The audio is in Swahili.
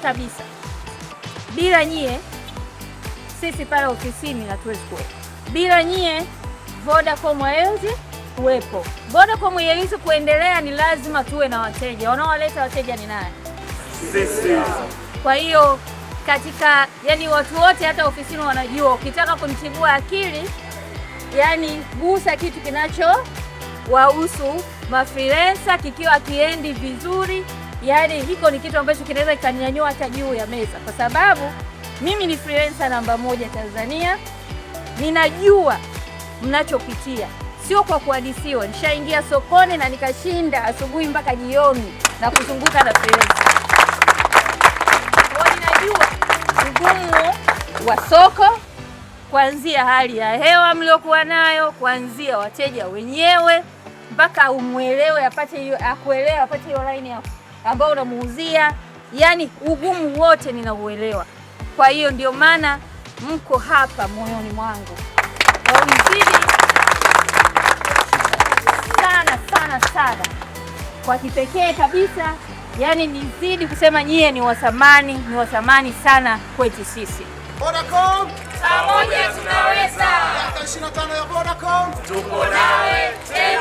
kabisa. Bila nyie sisi pale ofisini hatuwezi kuwepo. Bila nyie Vodacom haiwezi kuwepo. Vodacom haiwezi kuendelea, ni lazima tuwe na wateja. Wanaowaleta wateja ni nani? Sisi. Kwa hiyo katika, yani watu wote hata ofisini wanajua, ukitaka kumtibua akili, yani gusa kitu kinacho wahusu mafirensa, kikiwa kiendi vizuri yaani hiko ni kitu ambacho kinaweza kikaninyanyua hata juu ya meza, kwa sababu mimi ni freelancer namba moja Tanzania. Ninajua mnachopitia, sio kwa kuhadisiwa. Nishaingia sokoni na nikashinda asubuhi mpaka jioni na kuzunguka na freelancer ninajua ugumu wa soko kuanzia hali ya hewa mliokuwa nayo, kuanzia wateja wenyewe mpaka umwelewe, apate hiyo akuelewe, apate hiyo line ya ambao unamuuzia, yaani ugumu wote ninauelewa. Kwa hiyo ndio maana mko hapa moyoni mwangu mzidi sana sana sana, kwa kipekee kabisa, yani nizidi kusema nyie ni wathamani, ni wathamani sana kwetu sisi. Vodacom pamoja tunaweza. Miaka 25 ya Vodacom tuko nawe.